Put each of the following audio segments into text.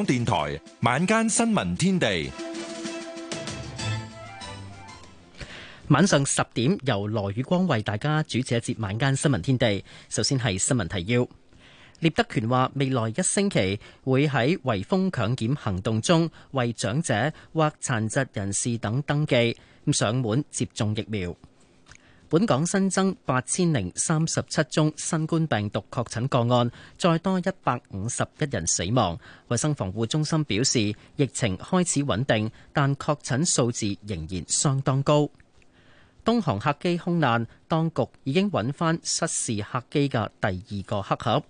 港電台晚間新聞天地，晚上十點由羅宇光為大家主持一節晚間新聞天地。首先係新聞提要。聶德權話，未來一星期會喺圍封強檢行動中為長者或殘疾人士等登記，咁上門接種疫苗。本港新增八千零三十七宗新冠病毒確診個案，再多一百五十一人死亡。衛生防護中心表示，疫情開始穩定，但確診數字仍然相當高。東航客機空難，當局已經搵返失事客機嘅第二個黑盒，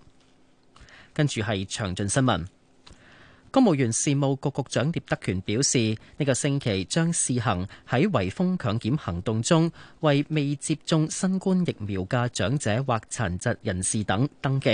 跟住係詳盡新聞。公務員事務局局長聶德權表示，呢、這個星期將試行喺圍封強檢行動中，為未接種新冠疫苗嘅長者或殘疾人士等登記。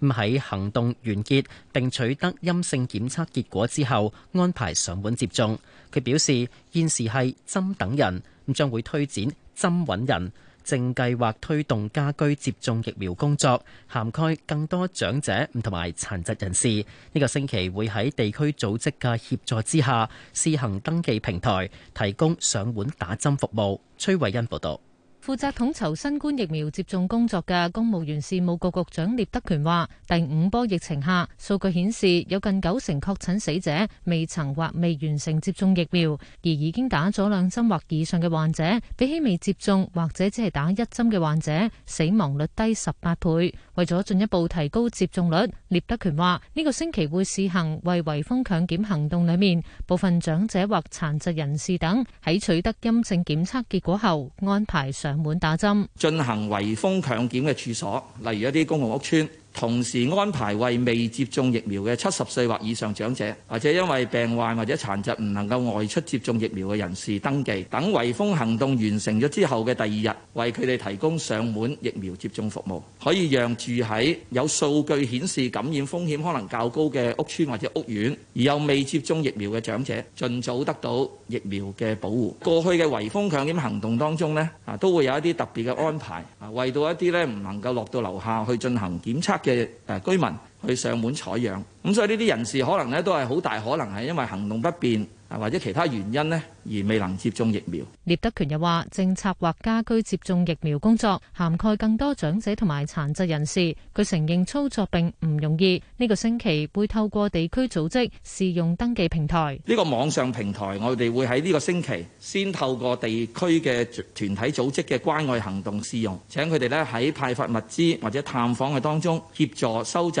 咁喺行動完結並取得陰性檢測結果之後，安排上門接種。佢表示，現時係針等人，咁將會推展針揾人。正計劃推動家居接種疫苗工作，涵蓋更多長者同埋殘疾人士。呢個星期會喺地區組織嘅協助之下，試行登記平台，提供上門打針服務。崔慧欣報道。負責統籌新冠疫苗接種工作嘅公務員事務局局長聶德權話：第五波疫情下，數據顯示有近九成確診死者未曾或未完成接種疫苗，而已經打咗兩針或以上嘅患者，比起未接種或者只係打一針嘅患者，死亡率低十八倍。為咗進一步提高接種率，聶德權話呢個星期會試行為圍封強檢行動裏面部分長者或殘疾人士等喺取得陰性檢測結果後安排上滿打針，進行圍封強檢嘅處所，例如一啲公共屋屋邨。同時安排為未接種疫苗嘅七十歲或以上長者，或者因為病患或者殘疾唔能夠外出接種疫苗嘅人士登記，等圍封行動完成咗之後嘅第二日，為佢哋提供上門疫苗接種服務，可以讓住喺有數據顯示感染風險可能較高嘅屋邨或者屋苑，而又未接種疫苗嘅長者，盡早得到疫苗嘅保護。過去嘅圍封強檢行動當中咧，啊都會有一啲特別嘅安排，啊為到一啲咧唔能夠落到樓下去進行檢測。嘅誒居民去上門採樣，咁所以呢啲人士可能咧都係好大可能係因為行動不便。啊，或者其他原因呢，而未能接種疫苗。聶德權又話政策或家居接種疫苗工作涵蓋更多長者同埋殘疾人士。佢承認操作並唔容易。呢個星期會透過地區組織試用登記平台。呢個網上平台，我哋會喺呢個星期先透過地區嘅團體組織嘅關愛行動試用，請佢哋咧喺派發物資或者探訪嘅當中協助收集。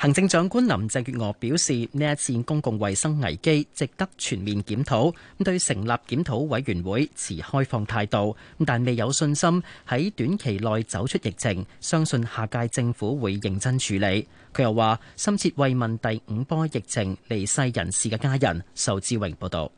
行政長官林鄭月娥表示，呢一次公共衛生危機值得全面檢討，咁對成立檢討委員會持開放態度，但未有信心喺短期內走出疫情，相信下屆政府會認真處理。佢又話深切慰問第五波疫情離世人士嘅家人。仇志榮報道。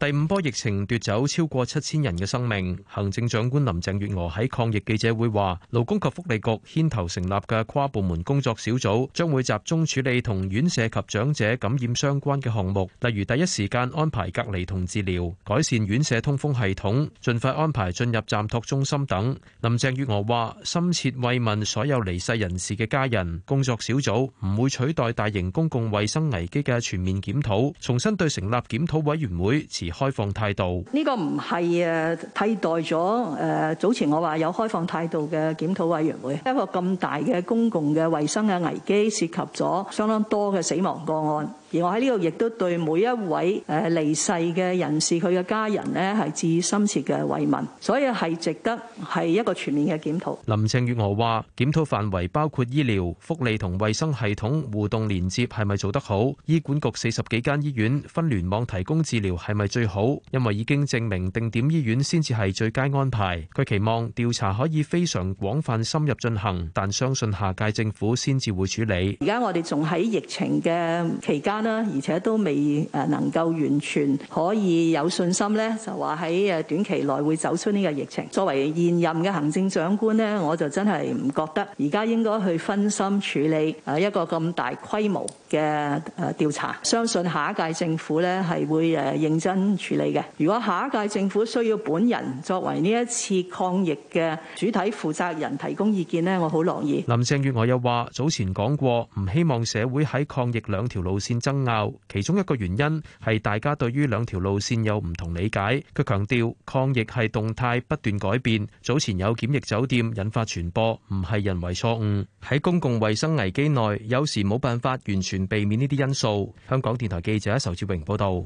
第五波疫情奪走超過七千人嘅生命。行政長官林鄭月娥喺抗疫記者會話：勞工及福利局牽頭成立嘅跨部門工作小組，將會集中處理同院舍及長者感染相關嘅項目，例如第一時間安排隔離同治療、改善院舍通風系統、盡快安排進入暫托中心等。林鄭月娥話：深切慰問所有離世人士嘅家人。工作小組唔會取代大型公共衞生危機嘅全面檢討，重新對成立檢討委員會持開放態度，呢個唔係誒替代咗誒、呃、早前我話有開放態度嘅檢討委員會，一個咁大嘅公共嘅衛生嘅危機，涉及咗相當多嘅死亡個案。而我喺呢度亦都對每一位誒離世嘅人士佢嘅家人咧係致深切嘅慰問，所以係值得係一個全面嘅檢討。林鄭月娥話檢討範圍包括醫療福利同衛生系統互動連接係咪做得好？醫管局四十幾間醫院分聯網提供治療係咪最好？因為已經證明定點醫院先至係最佳安排。佢期望調查可以非常廣泛深入進行，但相信下屆政府先至會處理。而家我哋仲喺疫情嘅期間。而且都未能夠完全可以有信心咧，就話喺短期內會走出呢個疫情。作為現任嘅行政長官咧，我就真係唔覺得而家應該去分心處理誒一個咁大規模嘅調查。相信下一屆政府咧係會認真處理嘅。如果下一屆政府需要本人作為呢一次抗疫嘅主體負責人提供意見咧，我好樂意。林鄭月娥又話，早前講過，唔希望社會喺抗疫兩條路線爭。爭拗，其中一個原因係大家對於兩條路線有唔同理解。佢強調，抗疫係動態不斷改變，早前有檢疫酒店引發傳播，唔係人為錯誤。喺公共衛生危機內，有時冇辦法完全避免呢啲因素。香港電台記者仇志榮報道。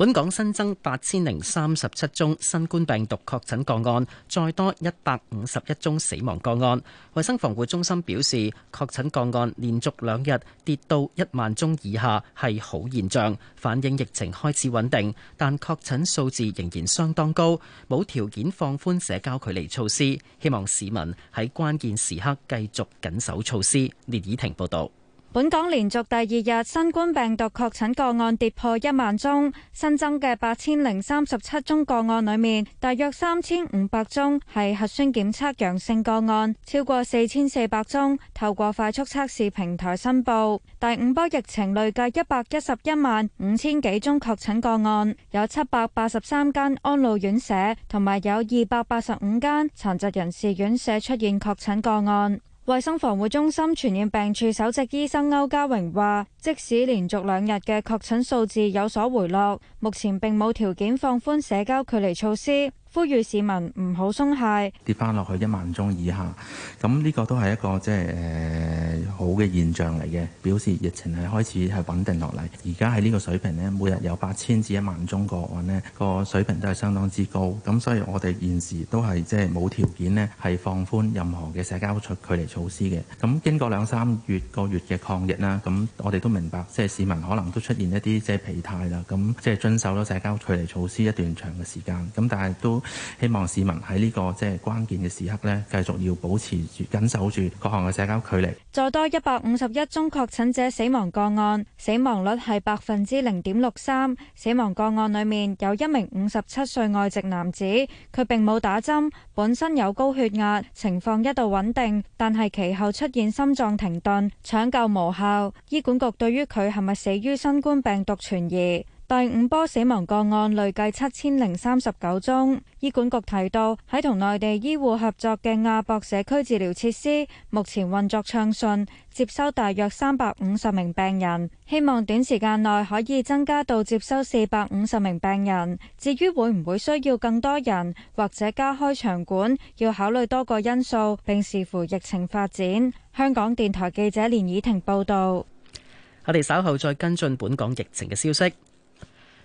本港新增八千零三十七宗新冠病毒確診個案，再多一百五十一宗死亡個案。衛生防護中心表示，確診個案連續兩日跌到一萬宗以下，係好現象，反映疫情開始穩定，但確診數字仍然相當高，冇條件放寬社交距離措施。希望市民喺關鍵時刻繼續緊守措施。聶以婷報道。本港連續第二日新冠病毒確診個案跌破一萬宗，新增嘅八千零三十七宗個案裏面，大約三千五百宗係核酸檢測陽性個案，超過四千四百宗透過快速測試平台申報。第五波疫情累計一百一十一萬五千幾宗確診個案，有七百八十三間安老院舍同埋有二百八十五間殘疾人士院舍出現確診個案。衛生防護中心傳染病處首席醫生歐家榮話，即使連續兩日嘅確診數字有所回落，目前並冇條件放寬社交距離措施。呼籲市民唔好鬆懈。跌翻落去一萬宗以下，咁呢個都係一個即係誒好嘅現象嚟嘅，表示疫情係開始係穩定落嚟。而家喺呢個水平呢，每日有八千至一萬宗個案，呢個水平都係相當之高。咁所以我哋現時都係即係冇條件呢係放寬任何嘅社交距離措施嘅。咁經過兩三月個月嘅抗疫啦，咁我哋都明白，即係市民可能都出現一啲即係疲態啦，咁即係遵守咗社交距離措施一段長嘅時間，咁但係都。希望市民喺呢個即係關鍵嘅時刻呢，繼續要保持住、緊守住各項嘅社交距離。再多一百五十一宗確診者死亡個案，死亡率係百分之零點六三。死亡個案裡面有一名五十七歲外籍男子，佢並冇打針，本身有高血壓，情況一度穩定，但係其後出現心臟停頓，搶救無效。醫管局對於佢係咪死於新冠病毒存疑。第五波死亡個案累計七千零三十九宗。醫管局提到，喺同內地醫護合作嘅亞博社區治療設施，目前運作暢順，接收大約三百五十名病人。希望短時間內可以增加到接收四百五十名病人。至於會唔會需要更多人或者加開場館，要考慮多個因素，並視乎疫情發展。香港電台記者連以婷報道。我哋稍後再跟進本港疫情嘅消息。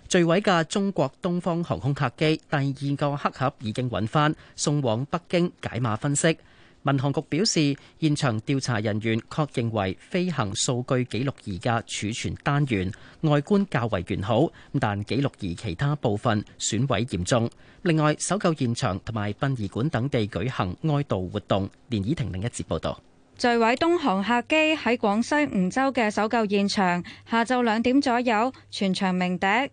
墜毀嘅中國東方航空客機第二個黑盒已經揾翻，送往北京解碼分析。民航局表示，現場調查人員確認為飛行數據記錄儀嘅儲存單元外觀較為完好，但記錄儀其他部分損毀嚴重。另外，搜救現場同埋殯儀館等地舉行哀悼活動。連綺婷另一節報道，墜毀東航客機喺廣西梧州嘅搜救現場，下晝兩點左右，全場鳴笛。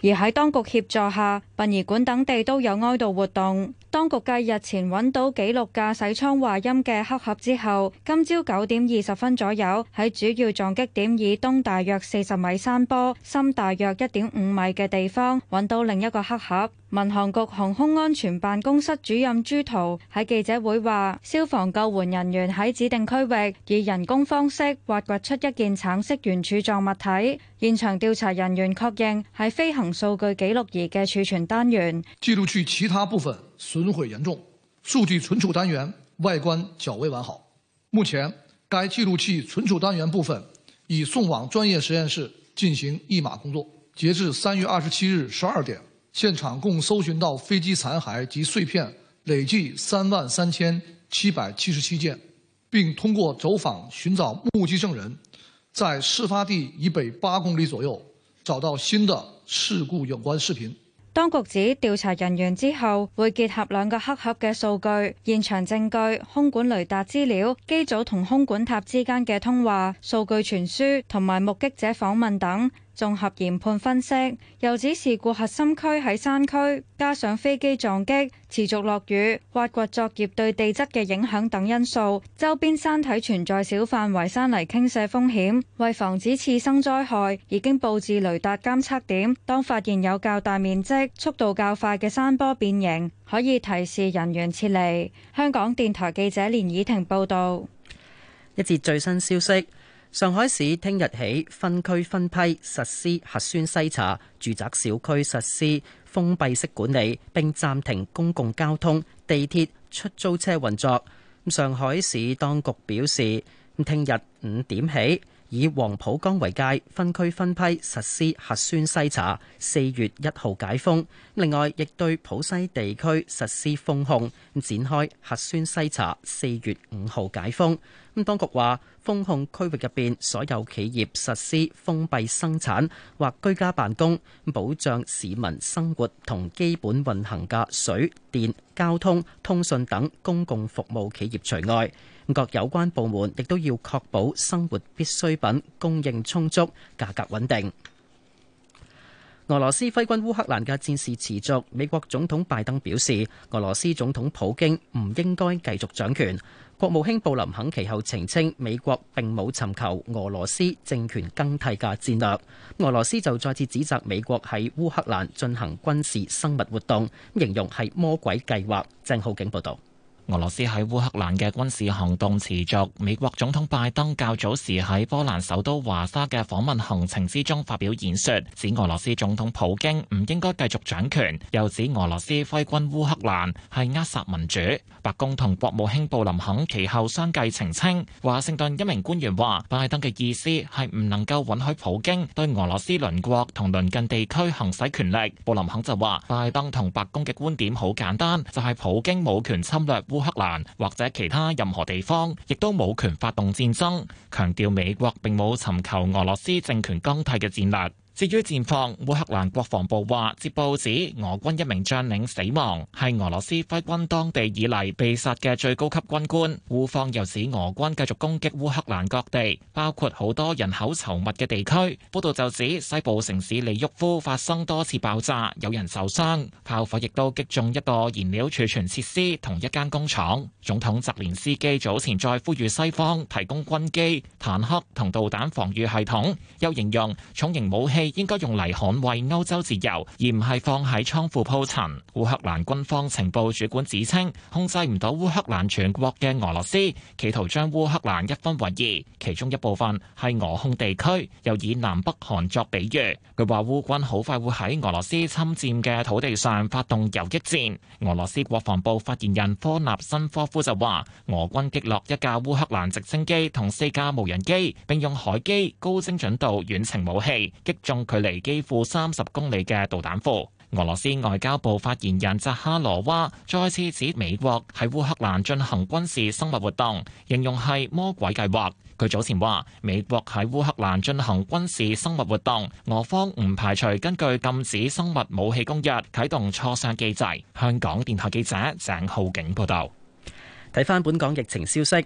而喺當局協助下，殯儀館等地都有哀悼活動。當局繼日前揾到記錄駕駛艙話音嘅黑盒之後，今朝九點二十分左右喺主要撞擊點以東大約四十米山坡，深大約一點五米嘅地方揾到另一個黑盒。民航局航空安全辦公室主任朱濤喺記者會話：消防救援人員喺指定區域以人工方式挖掘出一件橙色圓柱狀物體，現場調查人員確認係飛行數據記錄儀嘅儲存單元。記錄器其他部分損毀嚴重，數據存儲單元外觀較為完好。目前，該記錄器存儲單元部分已送往專業實驗室進行譯碼工作。截至三月二十七日十二點，現場共搜尋到飛機殘骸及碎片累計三萬三千七百七十七件，並通過走訪尋找目擊證人，在事發地以北八公里左右找到新的事故有關視頻。當局指調查人員之後會結合兩個黑盒嘅數據、現場證據、空管雷達資料、機組同空管塔之間嘅通話、數據傳輸同埋目擊者訪問等，綜合研判分析，又指事故核心區喺山區，加上飛機撞擊、持續落雨、挖掘作業對地質嘅影響等因素，周邊山體存在小範圍山泥傾瀉風險。為防止次生災害，已經佈置雷達監測點，當發現有較大面積、速度較快嘅山坡變形，可以提示人員撤離。香港電台記者連以婷報道。一節最新消息。上海市聽日起分區分批實施核酸篩查，住宅小區實施封閉式管理，並暫停公共交通、地鐵、出租車運作。上海市當局表示，咁聽日五點起。以黃浦江為界，分區分批實施核酸篩查，四月一號解封。另外，亦對浦西地區實施封控，展開核酸篩查，四月五號解封。咁當局話，封控區域入邊所有企業實施封閉生產或居家辦公，保障市民生活同基本運行嘅水電交通通訊等公共服務企業除外。各有關部門亦都要確保生活必需品供應充足、價格穩定。俄羅斯揮軍烏克蘭嘅戰事持續，美國總統拜登表示，俄羅斯總統普京唔應該繼續掌權。國務卿布林肯其後澄清，美國並冇尋求俄羅斯政權更替嘅戰略。俄羅斯就再次指責美國喺烏克蘭進行軍事生物活動，形容係魔鬼計劃。鄭浩景報道。俄羅斯喺烏克蘭嘅軍事行動持續。美國總統拜登較早時喺波蘭首都華沙嘅訪問行程之中發表演說，指俄羅斯總統普京唔應該繼續掌權，又指俄羅斯揮軍烏克蘭係扼殺民主。白宮同國務卿布林肯其後相繼澄清。華盛頓一名官員話：拜登嘅意思係唔能夠允許普京對俄羅斯鄰國同鄰近地區行使權力。布林肯就話：拜登同白宮嘅觀點好簡單，就係普京冇權侵略烏烏克蘭或者其他任何地方，亦都冇權發動戰爭。強調美國並冇尋求俄羅斯政權更替嘅戰略。至於戰況，烏克蘭國防部話接報指俄軍一名將領死亡，係俄羅斯揮軍當地以嚟被殺嘅最高級軍官。烏方又指俄軍繼續攻擊烏克蘭各地，包括好多人口稠密嘅地區。報道就指西部城市利沃夫發生多次爆炸，有人受傷，炮火亦都擊中一個燃料儲存設施同一間工廠。總統澤連斯基早前再呼籲西方提供軍機、坦克同導彈防禦系統，又形容重型武器應該用嚟捍衛歐洲自由，而唔係放喺倉庫鋪塵。烏克蘭軍方情報主管指稱，控制唔到烏克蘭全國嘅俄羅斯，企圖將烏克蘭一分為二，其中一部分係俄控地區。又以南北韓作比喻，佢話烏軍好快會喺俄羅斯侵占嘅土地上發動游擊戰。俄羅斯國防部發言人科納申科夫就話，俄軍擊落一架烏克蘭直升機同四架無人機，並用海基高精準度遠程武器擊中。距離幾乎三十公里嘅導彈庫。俄羅斯外交部發言人扎哈羅娃再次指美國喺烏克蘭進行軍事生物活動，形容係魔鬼計劃。佢早前話美國喺烏克蘭進行軍事生物活動，俄方唔排除根據禁止生物武器公約啟動磋商機制。香港電台記者鄭浩景報道。睇返本港疫情消息。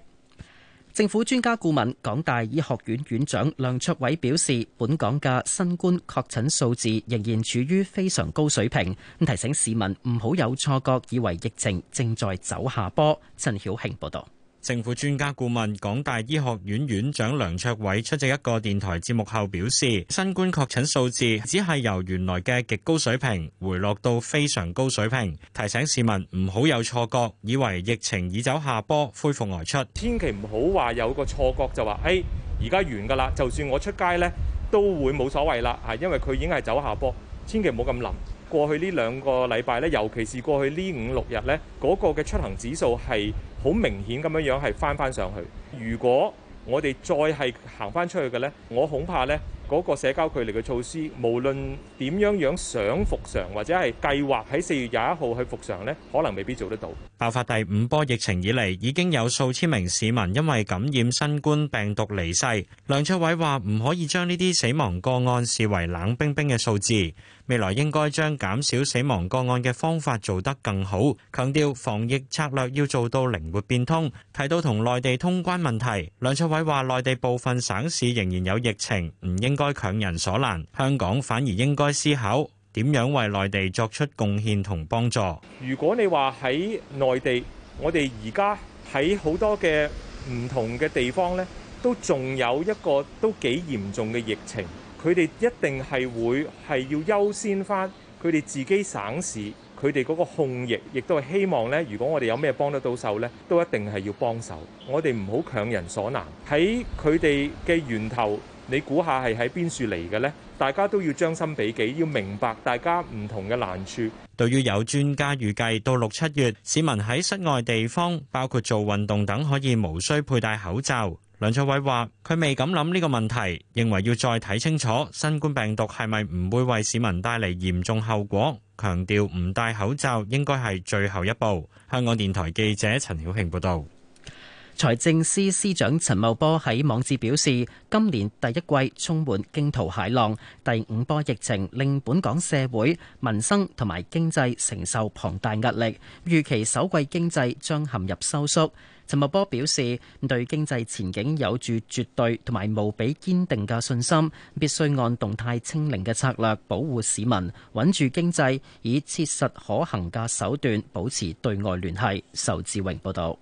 政府專家顧問、港大醫學院院長梁卓偉表示，本港嘅新冠確診數字仍然處於非常高水平，咁提醒市民唔好有錯覺，以為疫情正在走下坡。陳曉慶報道。政府專家顧問、港大醫學院院長梁卓偉出席一個電台節目後表示，新冠確診數字只係由原來嘅極高水平回落到非常高水平，提醒市民唔好有錯覺，以為疫情已走下坡，恢復外出。千祈唔好話有個錯覺就話，誒而家完㗎啦，就算我出街呢，都會冇所謂啦，係因為佢已經係走下坡。千祈唔好咁諗，過去呢兩個禮拜咧，尤其是過去呢五六日呢，嗰個嘅出行指數係，好明顯咁樣樣係翻翻上去。如果我哋再係行翻出去嘅呢，我恐怕呢。嗰個社交距離嘅措施，無論點樣樣想復常或者係計劃喺四月廿一號去復常呢，可能未必做得到。爆發第五波疫情以嚟，已經有數千名市民因為感染新冠病毒離世。梁卓偉話：唔可以將呢啲死亡個案視為冷冰冰嘅數字，未來應該將減少死亡個案嘅方法做得更好。強調防疫策略要做到靈活變通。提到同內地通關問題，梁卓偉話：內地部分省市仍然有疫情，唔應該。該強人所難，香港反而應該思考點樣為內地作出貢獻同幫助。如果你話喺內地，我哋而家喺好多嘅唔同嘅地方呢，都仲有一個都幾嚴重嘅疫情，佢哋一定係會係要優先翻佢哋自己省市，佢哋嗰個控疫，亦都係希望呢，如果我哋有咩幫得到手呢，都一定係要幫手。我哋唔好強人所難，喺佢哋嘅源頭。你估下係喺邊處嚟嘅咧？大家都要將心比己，要明白大家唔同嘅難處。對於有專家預計到六七月，市民喺室外地方，包括做運動等，可以無需佩戴口罩。梁卓偉話：佢未敢諗呢個問題，認為要再睇清楚新冠病毒係咪唔會為市民帶嚟嚴重後果。強調唔戴口罩應該係最後一步。香港電台記者陳曉慶報道。財政司司長陳茂波喺網誌表示，今年第一季充滿驚濤駭浪，第五波疫情令本港社會、民生同埋經濟承受龐大壓力，預期首季經濟將陷入收縮。陳茂波表示，對經濟前景有住絕對同埋無比堅定嘅信心，必須按動態清零嘅策略保護市民，穩住經濟，以切實可行嘅手段保持對外聯繫。仇志榮報道。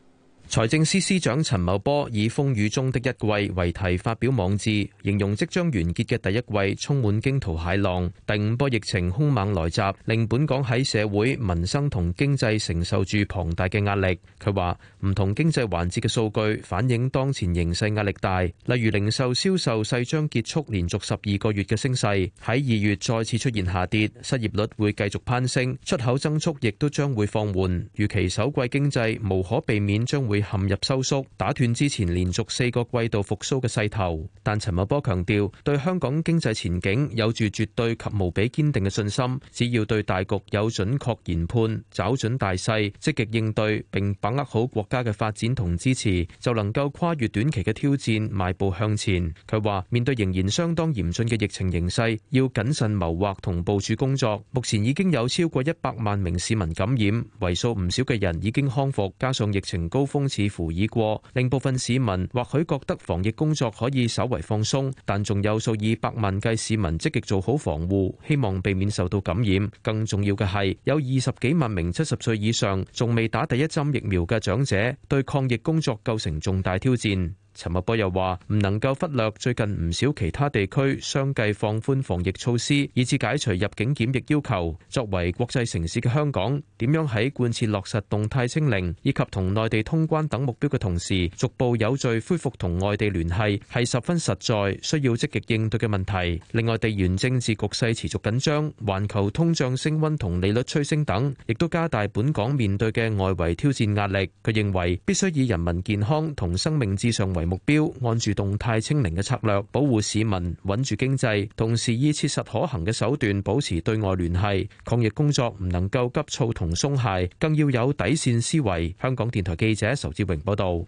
財政司司長陳茂波以風雨中的一季為題發表網誌，形容即將完結嘅第一季充滿驚濤駭浪，第五波疫情凶猛來襲，令本港喺社會、民生同經濟承受住龐大嘅壓力。佢話唔同經濟環節嘅數據反映當前形勢壓力大，例如零售銷售勢將結束連續十二個月嘅升勢，喺二月再次出現下跌，失業率會繼續攀升，出口增速亦都將會放緩，預期首季經濟無可避免將會陷入收縮，打斷之前連續四個季度復蘇嘅勢頭，但陳茂波強調對香港經濟前景有住絕對及無比堅定嘅信心。只要對大局有準確研判，找準大勢積極應對，並把握好國家嘅發展同支持，就能夠跨越短期嘅挑戰邁步向前。佢話面對仍然相當嚴峻嘅疫情形勢，要謹慎謀劃同部署工作。目前已經有超過一百萬名市民感染，為數唔少嘅人已經康復，加上疫情高峰。似乎已過，令部分市民或許覺得防疫工作可以稍為放鬆，但仲有數以百萬計市民積極做好防護，希望避免受到感染。更重要嘅係，有二十幾萬名七十歲以上仲未打第一針疫苗嘅長者，對抗疫工作構成重大挑戰。陳茂波又話：唔能夠忽略最近唔少其他地區相繼放寬防疫措施，以致解除入境檢疫要求。作為國際城市嘅香港，點樣喺貫徹落實動態清零以及同內地通關等目標嘅同時，逐步有序恢復同外地聯繫，係十分實在需要積極應對嘅問題。另外，地緣政治局勢持續緊張，環球通脹升溫同利率趨升等，亦都加大本港面對嘅外圍挑戰壓力。佢認為必須以人民健康同生命至上為為目標，按住動態清零嘅策略，保護市民，穩住經濟，同時以切實可行嘅手段保持對外聯繫。抗疫工作唔能夠急躁同鬆懈，更要有底線思維。香港電台記者仇志榮報道。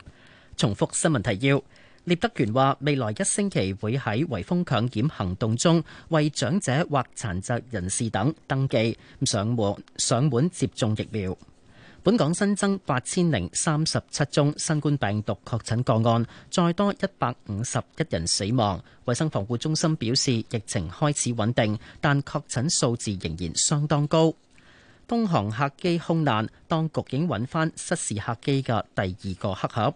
重複新聞提要：聶德權話，未來一星期會喺圍封強檢行動中為長者或殘疾人士等登記，咁上門上門接種疫苗。本港新增八千零三十七宗新冠病毒確診個案，再多一百五十一人死亡。衛生防護中心表示，疫情開始穩定，但確診數字仍然相當高。東航客機空難，當局已經穩翻失事客機嘅第二個黑盒。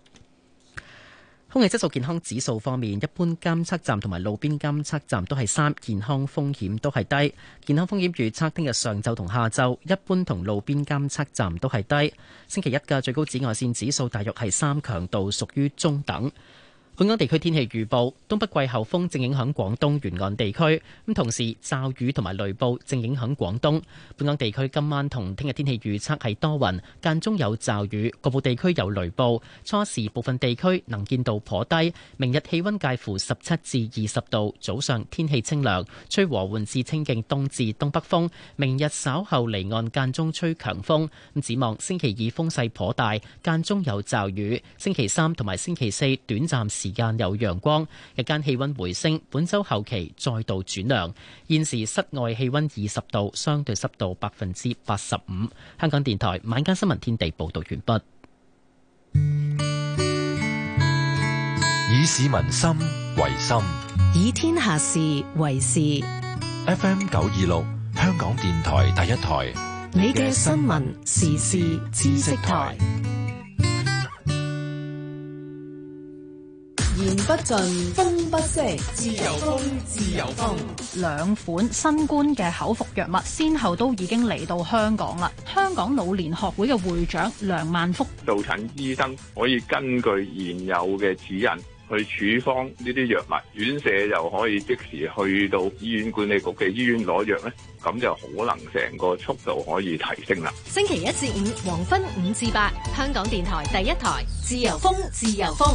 空氣質素健康指數方面，一般監測站同埋路邊監測站都係三，健康風險都係低。健康風險預測聽日上晝同下晝，一般同路邊監測站都係低。星期一嘅最高紫外線指數大約係三強度，強度屬於中等。本港地區天氣預報：東北季候風正影響廣東沿岸地區，咁同時驟雨同埋雷暴正影響廣東。本港地區今晚同聽日天氣預測係多雲，間中有驟雨，局部地區有雷暴。初時部分地區能見度頗低。明日氣溫介乎十七至二十度，早上天氣清涼，吹和緩至清勁東至東北風。明日稍後離岸間中吹強風，咁展望星期二風勢頗大，間中有驟雨。星期三同埋星期四短暫時。時間有陽光，日間氣溫回升，本周後期再度轉涼。現時室外氣溫二十度，相對濕度百分之八十五。香港電台晚間新聞天地報道完畢。以市民心為心，以天下事為事。FM 九二六，香港電台第一台，你嘅新聞時事知識台。不盡風不息，自由風，自由風。兩款新冠嘅口服藥物，先後都已經嚟到香港啦。香港老年學會嘅會長梁萬福，導診醫生可以根據現有嘅指引去處方呢啲藥物，院舍又可以即時去到醫院管理局嘅醫院攞藥呢，咁就可能成個速度可以提升啦。星期一至五黃昏五至八，香港電台第一台，自由風，自由風。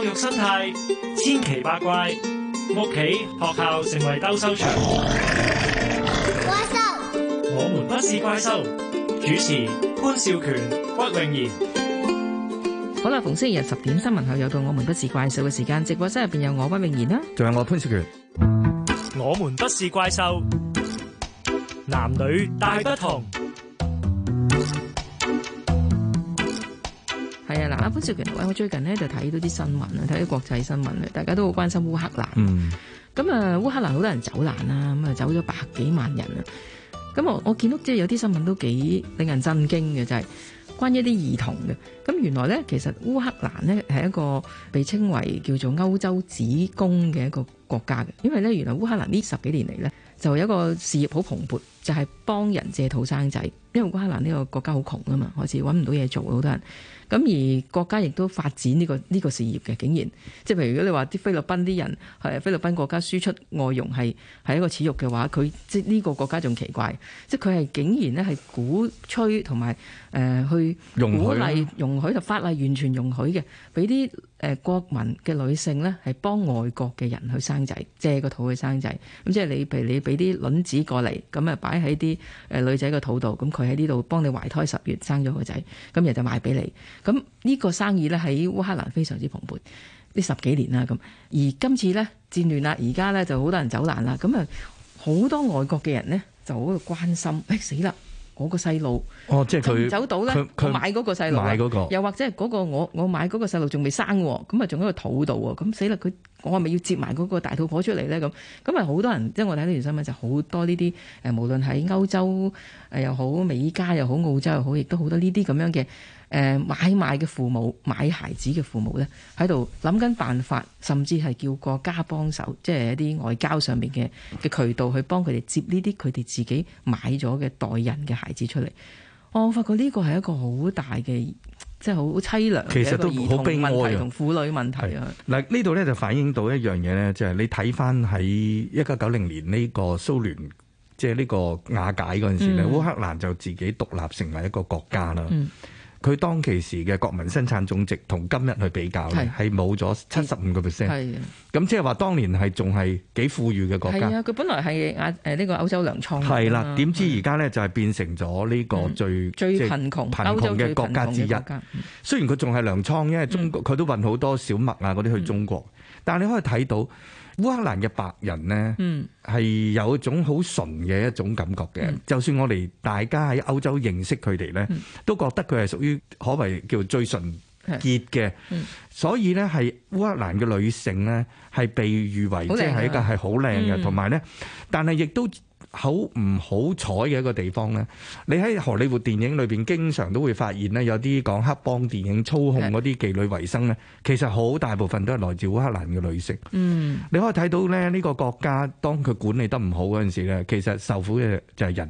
教育生態千奇百怪，屋企、學校成為鬥獸場。塞怪獸，我們不是怪獸。主持潘少權、屈穎妍。好啦，逢星期日十點新聞後，有到我們不是怪獸嘅時間。直播室入邊有我屈穎妍啦，仲有我潘少權。我們不是怪獸，男女大不同。係啊，嗱，阿潘少權，我最近咧就睇到啲新聞啦，睇啲國際新聞咧，大家都好關心烏克蘭。咁啊、嗯，烏克蘭好多人走難啦，咁啊走咗百幾萬人啊。咁我我見到即係有啲新聞都幾令人震驚嘅，就係、是、關於一啲兒童嘅。咁原來咧，其實烏克蘭咧係一個被稱為叫做歐洲子宮嘅一個國家嘅，因為咧原來烏克蘭呢十幾年嚟咧就有一個事業好蓬勃。就係幫人借肚生仔，因為烏克蘭呢個國家好窮啊嘛，好似揾唔到嘢做，好多人。咁而國家亦都發展呢個呢個事業嘅，竟然即係譬如如果你話啲菲律賓啲人係菲律賓國家輸出外傭係係一個恥辱嘅話，佢即係呢個國家仲奇怪，即係佢係竟然咧係鼓吹同埋誒去鼓勵容許就、啊、法例完全容許嘅，俾啲誒國民嘅女性咧係幫外國嘅人去生仔，借個肚去生仔。咁即係你譬如你俾啲卵子過嚟，咁啊擺。喺啲誒女仔嘅肚度，咁佢喺呢度幫你懷胎十月，生咗個仔，咁人就賣俾你。咁、這、呢個生意呢，喺烏克蘭非常之蓬勃，呢十幾年啦咁。而今次呢，戰亂啦，而家呢，就好多人走難啦，咁啊好多外國嘅人呢，就好關心，誒、哎、死啦！我個細路哦，即係佢，走佢買嗰個細路，買嗰個、又或者係嗰個我我買嗰個細路仲未生喎，咁啊仲喺個肚度喎，咁死啦！佢我係咪要接埋嗰個大肚婆出嚟咧？咁咁啊，好多人即係我睇呢條新聞就好多呢啲誒，無論喺歐洲誒又好，美加又好，澳洲又好，亦都好多呢啲咁樣嘅。誒買賣嘅父母買孩子嘅父母呢，喺度諗緊辦法，甚至係叫國家幫手，即係一啲外交上面嘅嘅渠道去幫佢哋接呢啲佢哋自己買咗嘅代孕嘅孩子出嚟。我發覺呢個係一個好大嘅，即係好淒涼，其實都好悲哀同婦女問題啊。嗱呢度呢，就反映到一樣嘢呢，就係、是、你睇翻喺一九九零年呢個蘇聯即係呢個瓦解嗰陣時咧，嗯、烏克蘭就自己獨立成為一個國家啦。嗯佢當其時嘅國民生產總值同今日去比較咧，係冇咗七十五個 percent。係，咁即係話當年係仲係幾富裕嘅國家。係啊，佢本來係亞誒呢個歐洲糧倉。係啦，點知而家咧就係變成咗呢個最、嗯、最貧窮貧窮嘅國家之一。雖然佢仲係糧倉，因為中國佢都運好多小麥啊嗰啲去中國，嗯、但係你可以睇到。烏克蘭嘅白人咧，係有一種好純嘅一種感覺嘅。就算我哋大家喺歐洲認識佢哋咧，都覺得佢係屬於可謂叫最純潔嘅。所以咧，係烏克蘭嘅女性咧，係被譽為即係一個係好靚嘅，同埋咧，但係亦都，好唔好彩嘅一個地方咧，你喺荷里活電影裏邊經常都會發現咧，有啲講黑幫電影操控啲妓女為生咧，其實好大部分都係來自烏克蘭嘅女性。嗯，你可以睇到咧，呢個國家當佢管理得唔好陣時咧，其實受苦嘅就係人。